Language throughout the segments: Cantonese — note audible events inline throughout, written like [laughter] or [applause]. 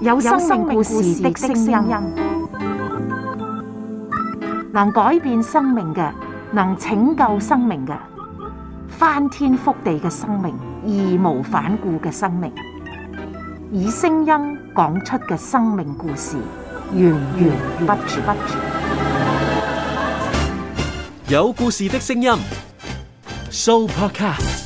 有生命故事的聲音，能改變生命嘅，能拯救生命嘅，翻天覆地嘅生命，義無反顧嘅生命，以聲音講出嘅生命故事，源源不絕。有故事的聲音，Sooopodcast。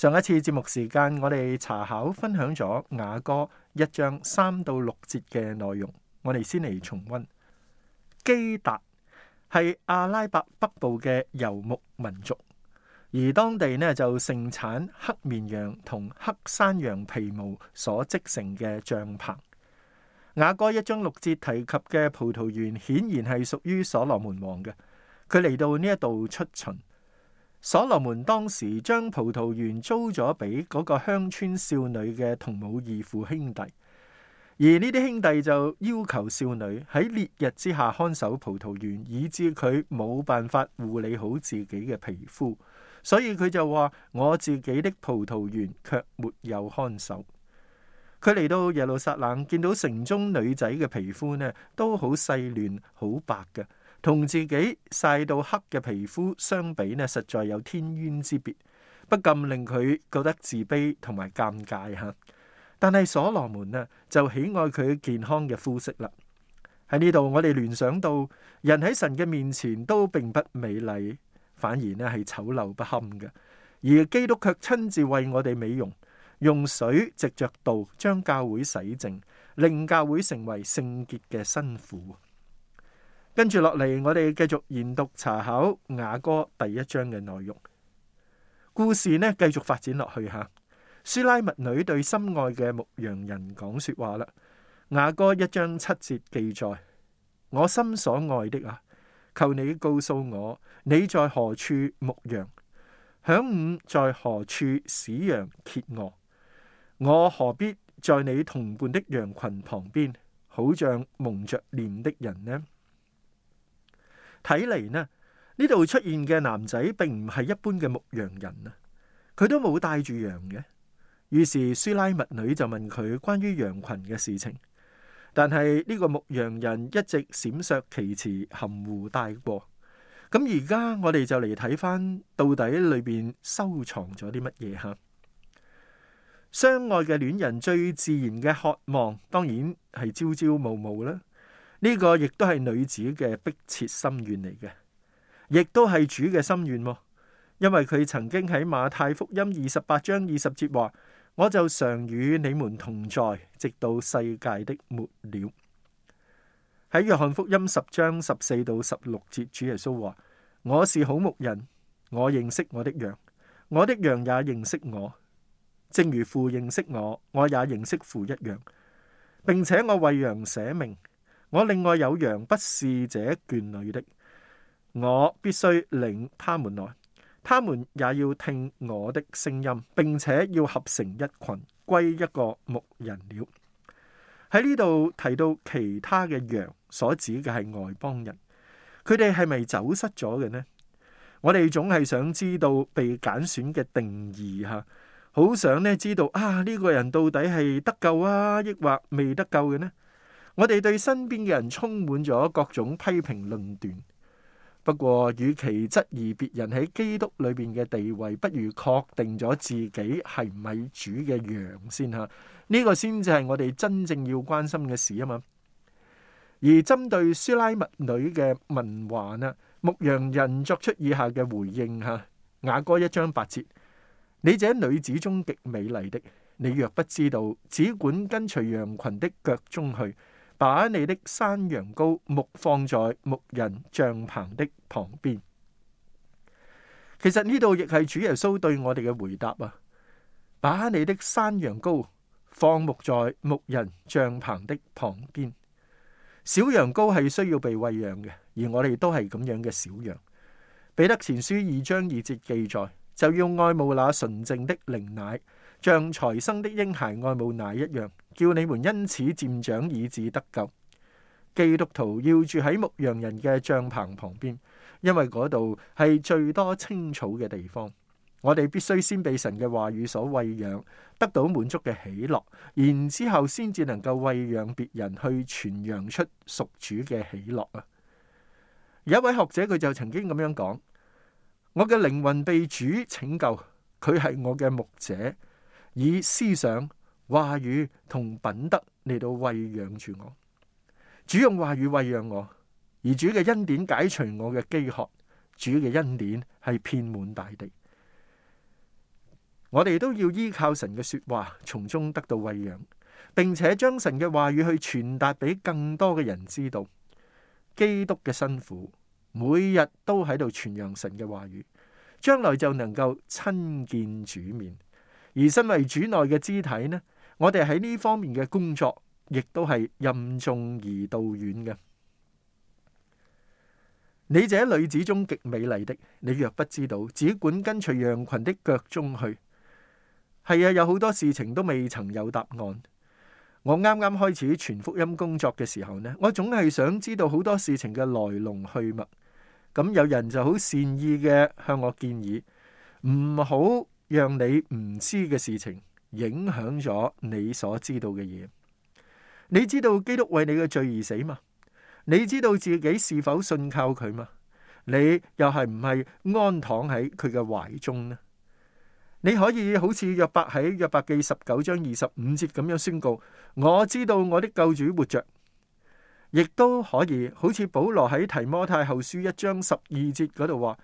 上一次節目時間，我哋查考分享咗雅歌一章三到六節嘅內容，我哋先嚟重温。基達係阿拉伯北部嘅游牧民族，而當地呢就盛產黑綿羊同黑山羊皮毛所織成嘅帳篷。雅歌一章六節提及嘅葡萄園，顯然係屬於所羅門王嘅，佢嚟到呢一度出巡。所羅門當時將葡萄園租咗俾嗰個鄉村少女嘅同母異父兄弟，而呢啲兄弟就要求少女喺烈日之下看守葡萄園，以致佢冇辦法護理好自己嘅皮膚，所以佢就話：我自己的葡萄園卻沒有看守。佢嚟到耶路撒冷，見到城中女仔嘅皮膚呢，都好細嫩，好白嘅。同自己曬到黑嘅皮膚相比呢，實在有天淵之別，不禁令佢覺得自卑同埋尷尬吓。但係所羅門呢，就喜愛佢健康嘅膚色啦。喺呢度，我哋聯想到人喺神嘅面前都並不美麗，反而呢係醜陋不堪嘅。而基督卻親自為我哋美容，用水藉着道將教會洗淨，令教會成為聖潔嘅新婦。跟住落嚟，我哋繼續研讀查考雅歌第一章嘅內容。故事呢，繼續發展落去吓。書拉密女對心愛嘅牧羊人講說話啦。雅歌一章七節記載：我心所愛的啊，求你告訴我你在何處牧羊，晌午在何處使羊歇臥？我何必在你同伴的羊群旁邊，好像蒙着臉的人呢？睇嚟呢，呢度出現嘅男仔並唔係一般嘅牧羊人啊，佢都冇帶住羊嘅。於是書拉密女就問佢關於羊群嘅事情，但係呢個牧羊人一直閃爍其詞，含糊帶過。咁而家我哋就嚟睇返到底裏邊收藏咗啲乜嘢吓。相愛嘅戀人最自然嘅渴望，當然係朝朝暮暮啦。呢個亦都係女子嘅迫切心願嚟嘅，亦都係主嘅心願，哦，因為佢曾經喺馬太福音二十八章二十節話：我就常與你們同在，直到世界的末了。喺約翰福音十章十四到十六節，主耶穌話：我是好牧人，我認識我的羊，我的羊也認識我，正如父認識我，我也認識父一樣，並且我為羊捨命。我另外有羊不是這圈裏的，我必須領他們來，他們也要聽我的聲音，並且要合成一群，歸一個牧人了。喺呢度提到其他嘅羊，所指嘅係外邦人，佢哋係咪走失咗嘅呢？我哋總係想知道被揀選嘅定義吓，好想呢知道啊呢個人到底係得救啊，抑或未得救嘅呢？我哋對身邊嘅人充滿咗各種批評論斷。不過，與其質疑別人喺基督裏邊嘅地位，不如確定咗自己係唔係主嘅羊先吓。呢、這個先至係我哋真正要關心嘅事啊嘛。而針對書拉密女嘅文話呢，牧羊人作出以下嘅回應吓：雅歌，一章八節，你這女子中極美麗的，你若不知道，只管跟隨羊群的腳蹤去。把你的山羊羔牧放在牧人帳篷的旁邊。其實呢度亦係主耶穌對我哋嘅回答啊！把你的山羊羔放牧在牧人帳篷的旁邊。小羊羔係需要被餵養嘅，而我哋都係咁樣嘅小羊。彼得前書二章二節記載，就要愛慕那純淨的靈奶，像才生的嬰孩愛慕奶一樣。叫你們因此漸長以至得救。基督徒要住喺牧羊人嘅帳篷旁邊，因為嗰度係最多青草嘅地方。我哋必須先被神嘅話語所餵養，得到滿足嘅喜樂，然之後先至能夠餵養別人去傳揚出屬主嘅喜樂啊！有一位學者佢就曾經咁樣講：我嘅靈魂被主拯救，佢係我嘅牧者，以思想，話語同品德嚟到餵養住我，主用話語餵養我，而主嘅恩典解除我嘅飢渴，主嘅恩典係遍滿大地。我哋都要依靠神嘅說話，從中得到餵養，並且將神嘅話語去傳達俾更多嘅人知道。基督嘅辛苦，每日都喺度傳揚神嘅話語，將來就能夠親見主面，而身為主內嘅肢體呢？我哋喺呢方面嘅工作，亦都係任重而道遠嘅。你這女子中極美麗的，你若不知道，只管跟隨羊群的腳蹤去。係啊，有好多事情都未曾有答案。我啱啱開始傳福音工作嘅時候呢，我總係想知道好多事情嘅來龍去脈。咁有人就好善意嘅向我建議，唔好讓你唔知嘅事情影響咗你所知道嘅嘢。你知道基督為你嘅罪而死嘛？你知道自己是否信靠佢嘛？你又係唔係安躺喺佢嘅懷中呢？你可以好似約伯喺約伯記十九章二十五節咁樣宣告：我知道我的救主活着，亦都可以好似保羅喺提摩太後書一章十二節嗰度話：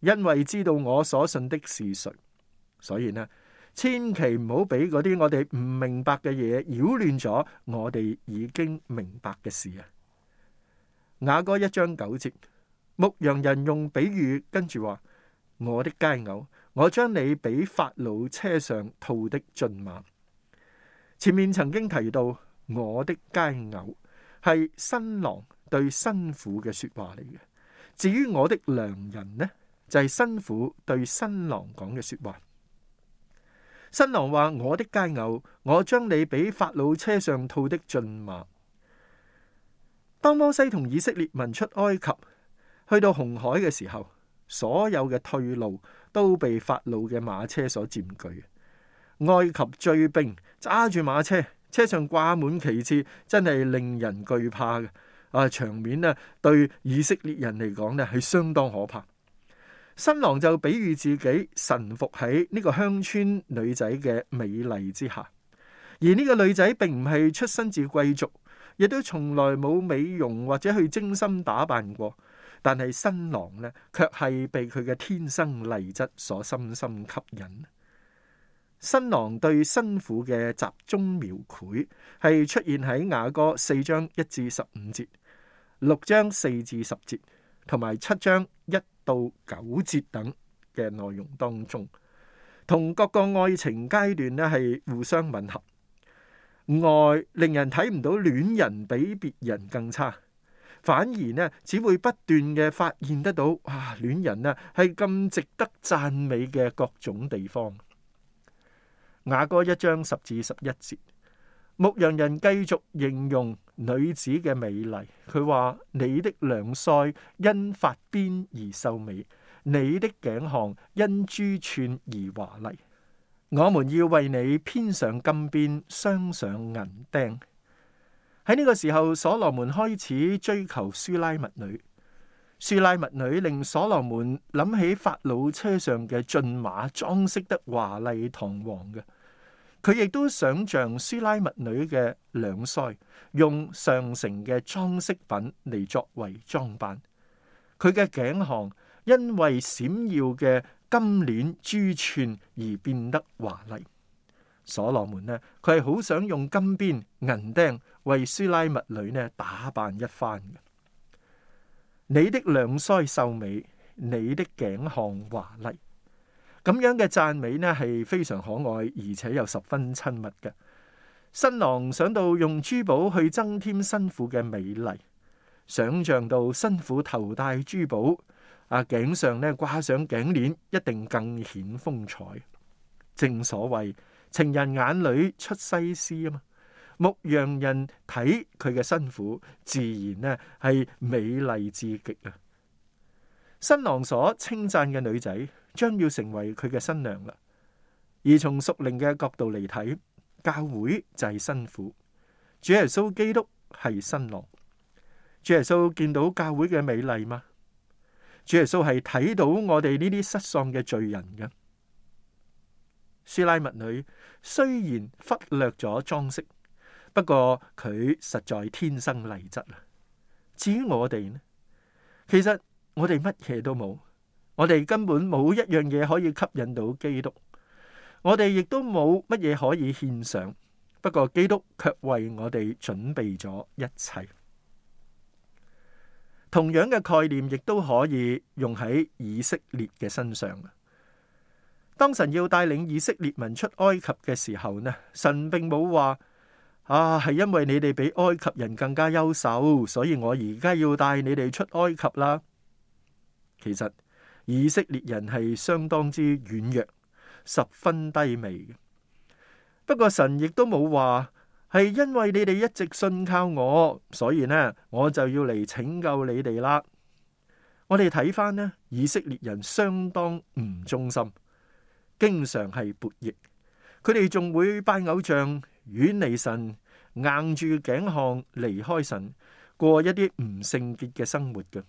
因為知道我所信的是誰，所以呢？千祈唔好俾嗰啲我哋唔明白嘅嘢擾亂咗我哋已經明白嘅事啊！雅歌一章九節，牧羊人用比喻跟住話：我的佳偶，我將你比法老車上套的駿馬。前面曾經提到，我的佳偶係新郎對新婦嘅說話嚟嘅。至於我的良人呢，就係新婦對新郎講嘅說話。新郎話：我的佳偶，我將你俾法老車上套的駿馬。當摩西同以色列民出埃及，去到紅海嘅時候，所有嘅退路都被法老嘅馬車所佔據。埃及追兵揸住馬車，車上掛滿旗幟，真係令人懼怕嘅。啊，場面呢對以色列人嚟講呢係相當可怕。新郎就比喻自己臣服喺呢個鄉村女仔嘅美麗之下，而呢個女仔並唔係出身自貴族，亦都從來冇美容或者去精心打扮過。但係新郎呢卻係被佢嘅天生麗質所深深吸引。新郎對新婦嘅集中描繪係出現喺雅歌四章一至十五節、六章四至十節，同埋七章一。到九節等嘅內容當中，同各個愛情階段呢係互相吻合。愛令人睇唔到戀人比別人更差，反而呢只會不斷嘅發現得到，哇！戀人啊係咁值得讚美嘅各種地方。雅歌一章十至十一節，牧羊人繼續形容。女子嘅美麗，佢話你的兩腮因髮辮而秀美，你的頸項因珠串而華麗。我們要為你編上金辮，鑲上銀釘。喺呢個時候，所羅門開始追求書拉密女。書拉密女令所羅門諗起法老車上嘅駿馬，裝飾得華麗堂皇嘅。佢亦都想象書拉密女嘅兩腮，用上乘嘅裝飾品嚟，作為裝扮。佢嘅頸項因為閃耀嘅金鏈珠串而變得華麗。所羅門呢，佢係好想用金辮銀釘為書拉密女呢打扮一番嘅。你的兩腮秀美，你的頸項華麗。咁樣嘅讚美呢係非常可愛，而且又十分親密嘅。新郎想到用珠寶去增添新婦嘅美麗，想像到新婦頭戴珠寶，啊頸上呢掛上頸鏈，一定更顯風采。正所謂情人眼裏出西施啊嘛！牧羊人睇佢嘅新婦，自然呢係美麗至極啊！新郎所稱讚嘅女仔將要成為佢嘅新娘啦。而從屬靈嘅角度嚟睇，教會就係新婦，主耶穌基督係新郎。主耶穌見到教會嘅美麗嗎？主耶穌係睇到我哋呢啲失喪嘅罪人嘅。書拉密女雖然忽略咗裝飾，不過佢實在天生麗質啊。至於我哋呢，其實。我哋乜嘢都冇，我哋根本冇一樣嘢可以吸引到基督。我哋亦都冇乜嘢可以獻上，不過基督卻為我哋準備咗一切。同樣嘅概念亦都可以用喺以色列嘅身上。當神要帶領以色列民出埃及嘅時候呢，神並冇話啊，係因為你哋比埃及人更加優秀，所以我而家要帶你哋出埃及啦。其實以色列人係相當之軟弱，十分低微嘅。不過神亦都冇話係因為你哋一直信靠我，所以呢我就要嚟拯救你哋啦。我哋睇翻呢，以色列人相當唔忠心，經常係叛逆，佢哋仲會拜偶像，遠離神，硬住頸項離開神，過一啲唔聖潔嘅生活嘅。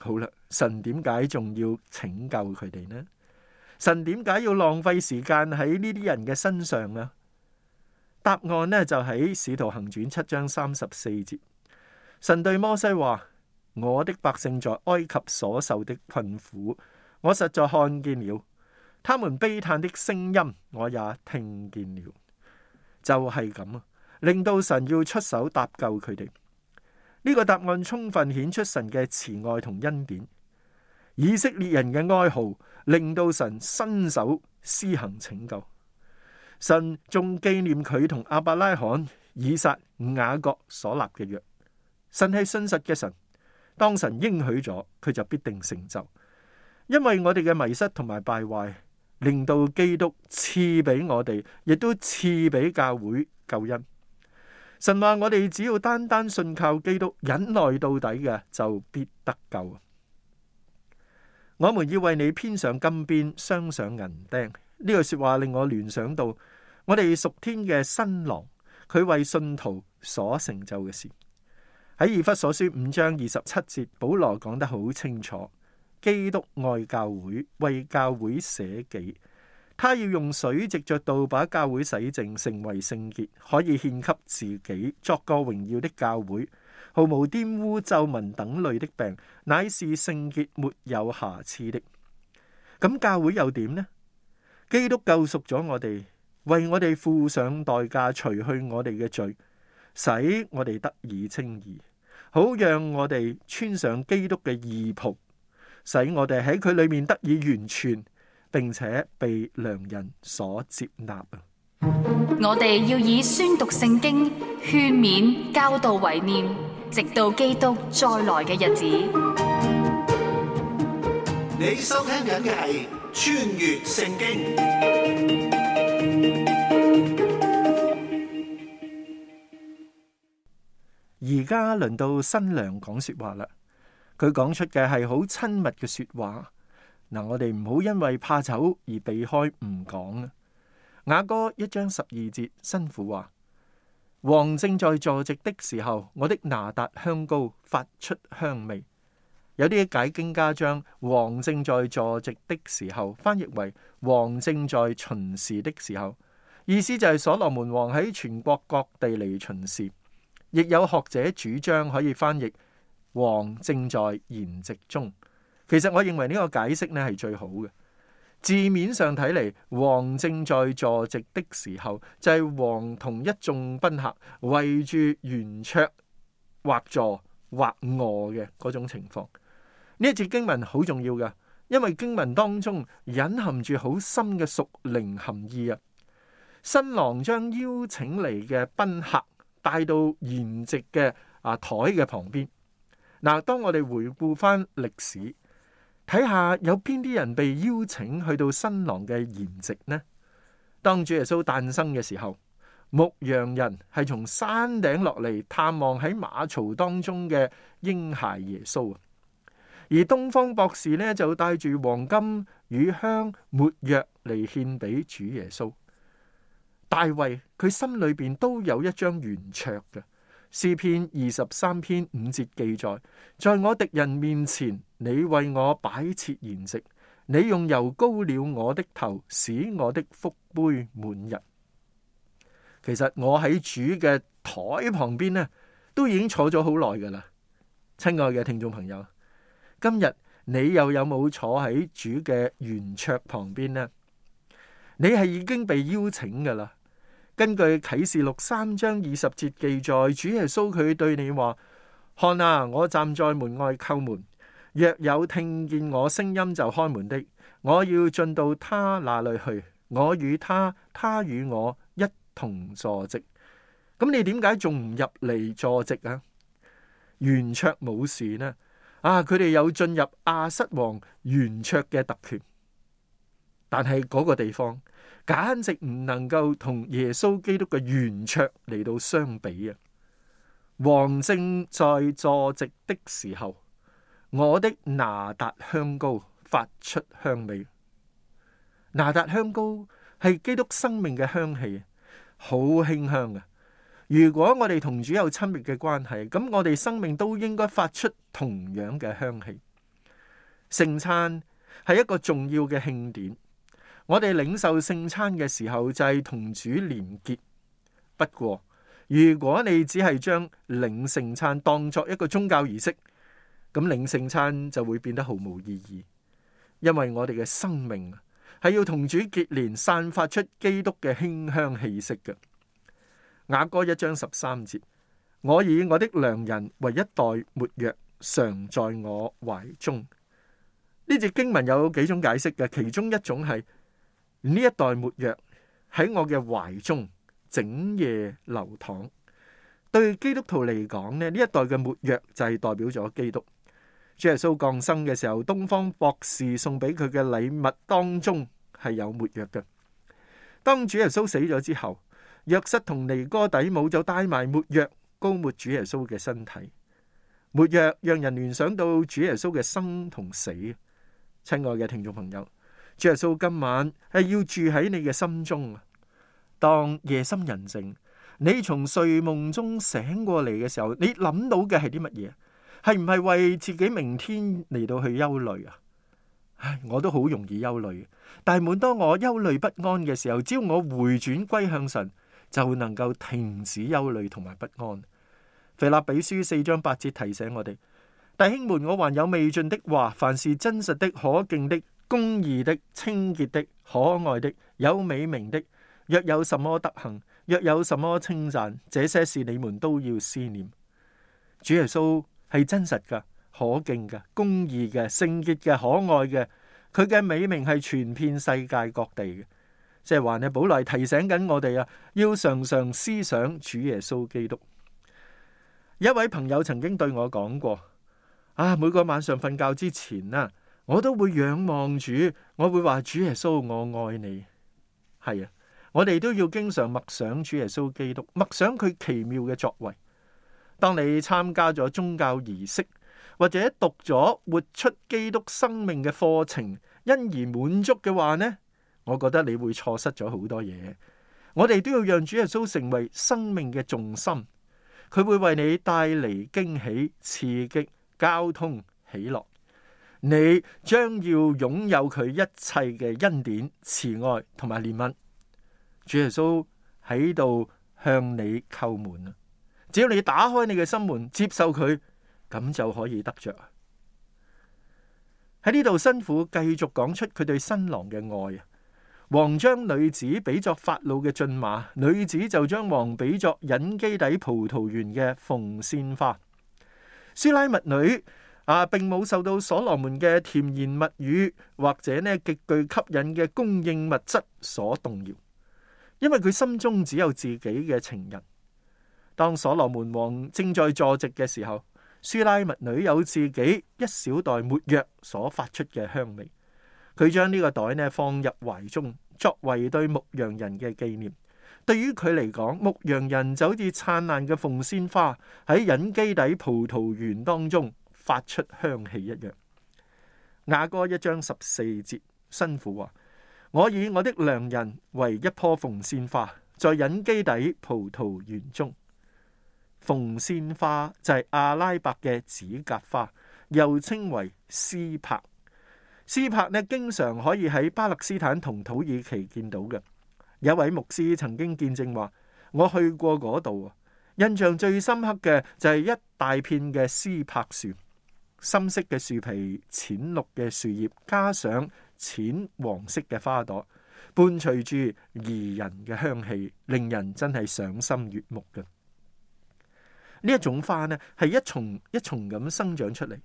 好啦，神點解仲要拯救佢哋呢？神點解要浪費時間喺呢啲人嘅身上啊？答案呢就喺《使徒行傳》七章三十四節。神對摩西話：我的百姓在埃及所受的困苦，我實在看見了；他們悲嘆的聲音，我也聽見了。就係咁啊，令到神要出手搭救佢哋。呢個答案充分顯出神嘅慈愛同恩典。以色列人嘅哀號令到神伸手施行拯救。神仲紀念佢同亞伯拉罕、以撒、雅各所立嘅約。神係信實嘅神，當神應許咗，佢就必定成就。因為我哋嘅迷失同埋敗壞，令到基督賜俾我哋，亦都賜俾教會救恩。神話我哋只要單單信靠基督，忍耐到底嘅，就必得救。我們要為你編上金邊，鑲上銀釘。呢句說話令我聯想到我哋屬天嘅新郎，佢為信徒所成就嘅事。喺以弗所書五章二十七節，保羅講得好清楚：基督愛教會，為教會捨己。他要用水藉着道把教會洗淨，成為聖潔，可以獻給自己，作個榮耀的教會，毫無玷污、皺紋等類的病，乃是聖潔，沒有瑕疵的。咁教會又點呢？基督救贖咗我哋，為我哋付上代價，除去我哋嘅罪，使我哋得以稱義，好讓我哋穿上基督嘅義袍，使我哋喺佢裏面得以完全。並且被良人所接納。我哋要以宣讀聖經、勸勉、教導為念，直到基督再來嘅日子。你收聽緊嘅係《穿越聖經。》 [music] 而家輪到新娘講說話啦，佢講出嘅係好親密嘅說話。嗱，我哋唔好因為怕醜而避開唔講啊！雅歌一章十二節，新婦話：王正在坐席的時候，我的拿達香膏發出香味。有啲解經家將王正在坐席的時候翻譯為王正在巡視的時候，意思就係所羅門王喺全國各地嚟巡視。亦有學者主張可以翻譯王正在筵席中。其實我認為呢個解釋呢係最好嘅。字面上睇嚟，王正在坐席的時候，就係、是、王同一眾賓客圍住圓桌或坐或卧嘅嗰種情況。呢一節經文好重要㗎，因為經文當中隱含住好深嘅屬靈含義啊。新郎將邀請嚟嘅賓客帶到筵席嘅啊台嘅旁邊。嗱、啊，當我哋回顧返歷史。睇下有邊啲人被邀請去到新郎嘅筵席呢？當主耶穌誕生嘅時候，牧羊人係從山頂落嚟探望喺馬槽當中嘅嬰孩耶穌啊！而東方博士呢，就帶住黃金乳香沒藥嚟獻俾主耶穌。大衛佢心裏邊都有一張圓桌嘅詩篇二十三篇五節記載：在我敵人面前。你為我擺設筵席，你用油膏了我的頭，使我的福杯滿溢。其實我喺主嘅台旁邊呢，都已經坐咗好耐噶啦。親愛嘅聽眾朋友，今日你又有冇坐喺主嘅圓桌旁邊呢？你係已經被邀請噶啦。根據啟示錄三章二十節記載，主耶穌佢對你話：看啊，我站在門外叩門。若有聽見我聲音就開門的，我要進到他那裏去，我與他，他與我一同坐席。咁你點解仲唔入嚟坐席啊？圓桌冇事呢？啊，佢哋有進入亞瑟王圓桌嘅特權，但係嗰個地方簡直唔能夠同耶穌基督嘅圓桌嚟到相比啊！王正在坐席的時候。我的拿達香膏發出香味，拿達香膏係基督生命嘅香氣，好馨香啊！如果我哋同主有親密嘅關係，咁我哋生命都應該發出同樣嘅香氣。聖餐係一個重要嘅慶典，我哋領受聖餐嘅時候就係同主連結。不過，如果你只係將領聖餐當作一個宗教儀式，咁領聖餐就會變得毫無意義，因為我哋嘅生命係要同主結連，散發出基督嘅馨香氣息嘅。雅歌一章十三節，我以我的良人為一袋沒藥，常在我懷中。呢節經文有幾種解釋嘅，其中一種係呢一袋沒藥喺我嘅懷中整夜流淌。對基督徒嚟講咧，呢一代嘅沒藥就係、是、代表咗基督。主耶穌降生嘅時候，東方博士送俾佢嘅禮物當中係有沒藥嘅。當主耶穌死咗之後，約瑟同尼哥底母就帶埋沒藥，膏抹主耶穌嘅身體。沒藥讓人聯想到主耶穌嘅生同死。親愛嘅聽眾朋友，主耶穌今晚係要住喺你嘅心中啊！當夜深人靜，你從睡夢中醒過嚟嘅時候，你諗到嘅係啲乜嘢？係唔係為自己明天嚟到去憂慮啊？唉，我都好容易憂慮。但係，每當我憂慮不安嘅時候，只要我回轉歸向神，就能夠停止憂慮同埋不安。腓立比書四章八節提醒我哋：弟兄們，我還有未盡的話，凡是真實的、可敬的、公義的、清潔的、可愛的、有美名的，若有什麼德行，若有什麼稱讚，這些事你們都要思念主耶穌。係真實噶、可敬噶、公義嘅、聖潔嘅、可愛嘅，佢嘅美名係傳遍世界各地嘅。即係話，你保羅提醒緊我哋啊，要常常思想主耶穌基督。一位朋友曾經對我講過：啊，每個晚上瞓覺之前呀，我都會仰望主，我會話主耶穌，我愛你。係啊，我哋都要經常默想主耶穌基督，默想佢奇妙嘅作為。當你參加咗宗教儀式，或者讀咗活出基督生命嘅課程，因而滿足嘅話呢，我覺得你會錯失咗好多嘢。我哋都要讓主耶穌成為生命嘅重心，佢會為你帶嚟驚喜、刺激、交通、喜樂。你將要擁有佢一切嘅恩典、慈愛同埋憐憫。主耶穌喺度向你叩門。只要你打開你嘅心門，接受佢，咁就可以得着。喺呢度，新婦繼續講出佢對新郎嘅愛啊。王將女子比作法老嘅駿馬，女子就將王比作隱基底葡萄園嘅鳳仙花。書拉密女啊，並冇受到所羅門嘅甜言蜜語或者呢極具吸引嘅供應物質所動搖，因為佢心中只有自己嘅情人。當所羅門王正在坐席嘅時候，書拉密女有自己一小袋沒藥所發出嘅香味，佢將呢個袋呢放入懷中，作為對牧羊人嘅紀念。對於佢嚟講，牧羊人就好似燦爛嘅鳳仙花喺隱基底葡萄園當中發出香氣一樣。雅歌一章十四節，辛苦啊！我以我的良人為一棵鳳仙花，在隱基底葡萄園中。鳳仙花就係、是、阿拉伯嘅指甲花，又稱為斯柏。斯柏呢，經常可以喺巴勒斯坦同土耳其見到嘅。有位牧師曾經見證話：我去過嗰度，印象最深刻嘅就係一大片嘅斯柏樹，深色嘅樹皮、淺綠嘅樹葉，加上淺黃色嘅花朵，伴隨住怡人嘅香氣，令人真係賞心悅目嘅。呢一種花呢，係一叢一叢咁生長出嚟。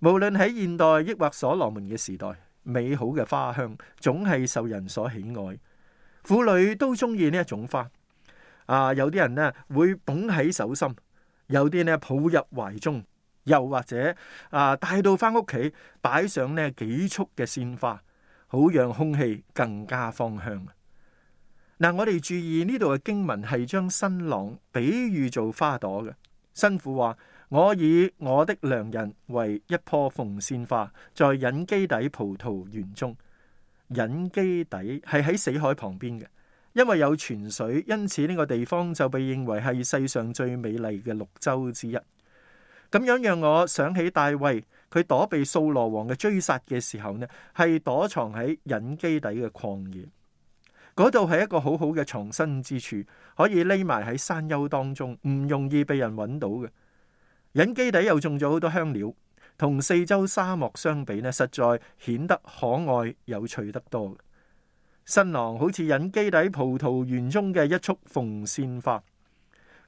無論喺現代抑或所羅門嘅時代，美好嘅花香總係受人所喜愛。婦女都中意呢一種花。啊，有啲人呢會捧喺手心，有啲呢抱入懷中，又或者啊帶到返屋企擺上呢幾束嘅鮮花，好讓空氣更加芳香。嗱，啊，我哋注意呢度嘅經文係將新郎比喻做花朵嘅。辛苦話，我以我的良人為一棵鳳仙花，在隱基底葡萄園中。隱基底係喺死海旁邊嘅，因為有泉水，因此呢個地方就被認為係世上最美麗嘅綠洲之一。咁樣讓我想起大衛，佢躲避掃羅王嘅追殺嘅時候呢，係躲藏喺隱基底嘅曠野。嗰度係一個好好嘅藏身之處，可以匿埋喺山丘當中，唔容易被人揾到嘅。隱基底又種咗好多香料，同四周沙漠相比呢，實在顯得可愛有趣得多。新郎好似隱基底葡萄園中嘅一束鳳仙花，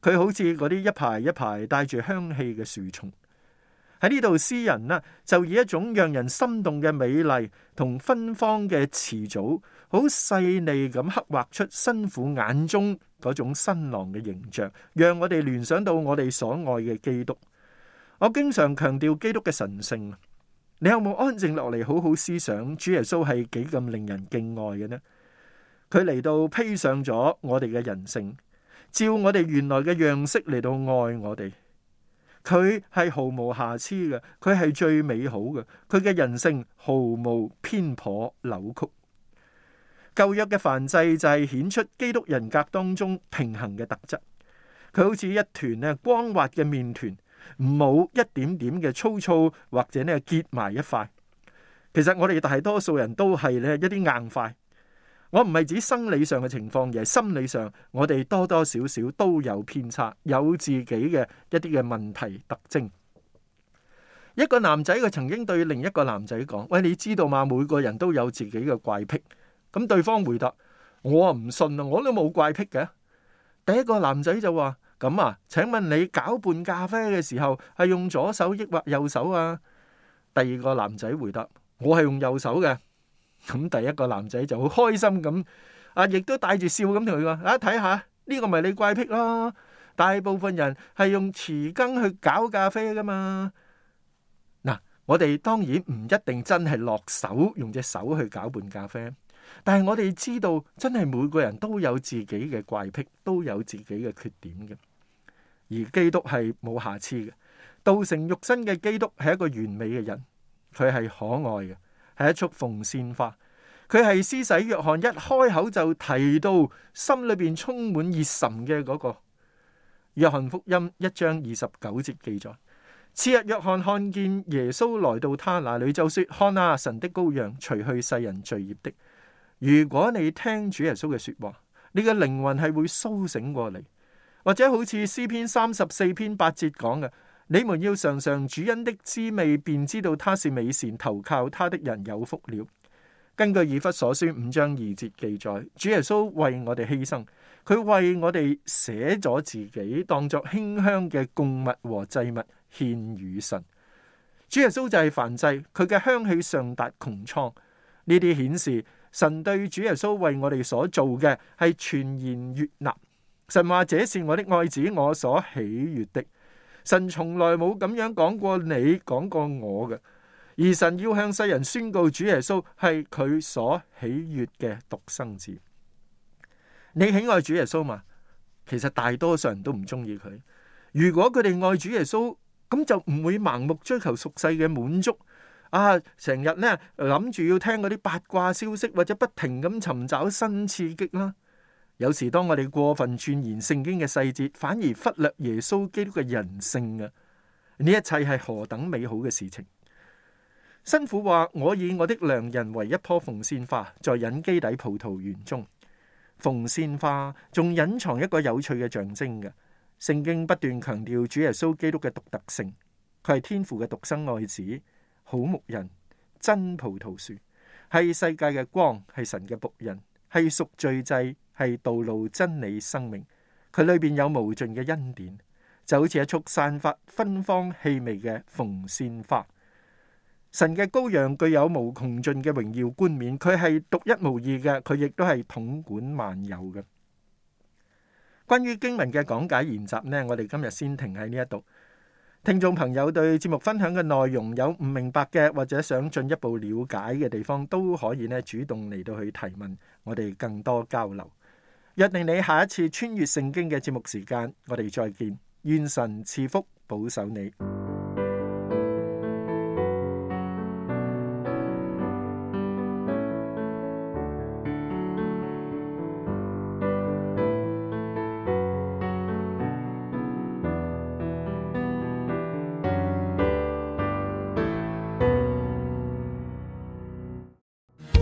佢好似嗰啲一排一排帶住香氣嘅樹叢，喺呢度詩人呢就以一種讓人心動嘅美麗同芬芳嘅詞組好細膩咁刻畫出辛苦眼中嗰種新郎嘅形象，讓我哋聯想到我哋所愛嘅基督。我經常強調基督嘅神性。你有冇安靜落嚟，好好思想主耶穌係幾咁令人敬愛嘅呢？佢嚟到披上咗我哋嘅人性，照我哋原來嘅樣式嚟到愛我哋。佢係毫無瑕疵嘅，佢係最美好嘅，佢嘅人性毫無偏頗扭曲。舊約嘅範制就係顯出基督人格當中平衡嘅特質。佢好似一團咧光滑嘅麵團，冇一點點嘅粗糙或者呢結埋一塊。其實我哋大多數人都係呢一啲硬塊。我唔係指生理上嘅情況，而係心理上，我哋多多少少都有偏差，有自己嘅一啲嘅問題特徵。一個男仔佢曾經對另一個男仔講：，喂，你知道嘛？每個人都有自己嘅怪癖。咁對方回答：我啊唔信啊，我都冇怪癖嘅。第一個男仔就話：咁啊，請問你攪拌咖啡嘅時候係用左手抑或右手啊？第二個男仔回答：我係用右手嘅。咁第一個男仔就好開心咁啊，亦都帶住笑咁同佢話：啊，睇下呢個咪你怪癖咯。大部分人係用匙羹去攪咖啡㗎嘛。嗱，啊，我哋當然唔一定真係落手用隻手去攪拌咖啡。但係我哋知道，真係每個人都有自己嘅怪癖，都有自己嘅缺點嘅。而基督係冇瑕疵嘅，道成肉身嘅基督係一個完美嘅人，佢係可愛嘅，係一束鳳仙花。佢係施洗約翰一開口就提到心裏邊充滿熱忱嘅嗰個約翰福音一章二十九節記載：次日約翰看見耶穌來到他那裏，就說：看啊，神的羔羊，除去世人罪孽的。如果你聽主耶穌嘅說話，你嘅靈魂係會蘇醒過嚟，或者好似詩篇三十四篇八節講嘅：你們要嘗嘗主恩的滋味，便知道他是美善，投靠他的人有福了。根據以弗所書五章二節記載，主耶穌為我哋犧牲，佢為我哋捨咗自己當作馨香嘅供物和祭物獻與神。主耶穌就係燔祭，佢嘅香氣上達穹蒼，呢啲顯示。神對主耶穌為我哋所做嘅係全然悅納。神話，這是我的愛子，我所喜悅的。神從來冇咁樣講過你，講過我嘅。而神要向世人宣告主耶穌係佢所喜悅嘅獨生子。你喜愛主耶穌嘛？其實大多數人都唔中意佢。如果佢哋愛主耶穌，咁就唔會盲目追求俗世嘅滿足。啊！成日呢，諗住要聽嗰啲八卦消息，或者不停咁尋找新刺激啦。有時當我哋過分鑽研聖經嘅細節，反而忽略耶穌基督嘅人性啊！呢一切係何等美好嘅事情。辛苦話，我以我的良人為一棵鳳仙花，在隱基底葡萄園中。鳳仙花仲隱藏一個有趣嘅象徵嘅。聖經不斷強調主耶穌基督嘅獨特性，佢係天父嘅獨生愛子，好牧人、真葡萄樹、係世界嘅光、係神嘅僕人、係贖罪祭、係道路真理生命。佢裏邊有無盡嘅恩典，就好似一束散發芬芳氣味嘅鳳仙花。神嘅羔羊具有無窮盡嘅榮耀冠冕，佢係獨一無二嘅，佢亦都係統管萬有嘅。關於經文嘅講解研習呢，我哋今日先停喺呢一度。聽眾朋友對節目分享嘅內容有唔明白嘅，或者想進一步了解嘅地方，都可以呢主動嚟到去提問，我哋更多交流。約定你下一次穿越聖經嘅節目時間，我哋再見。願神賜福保守你。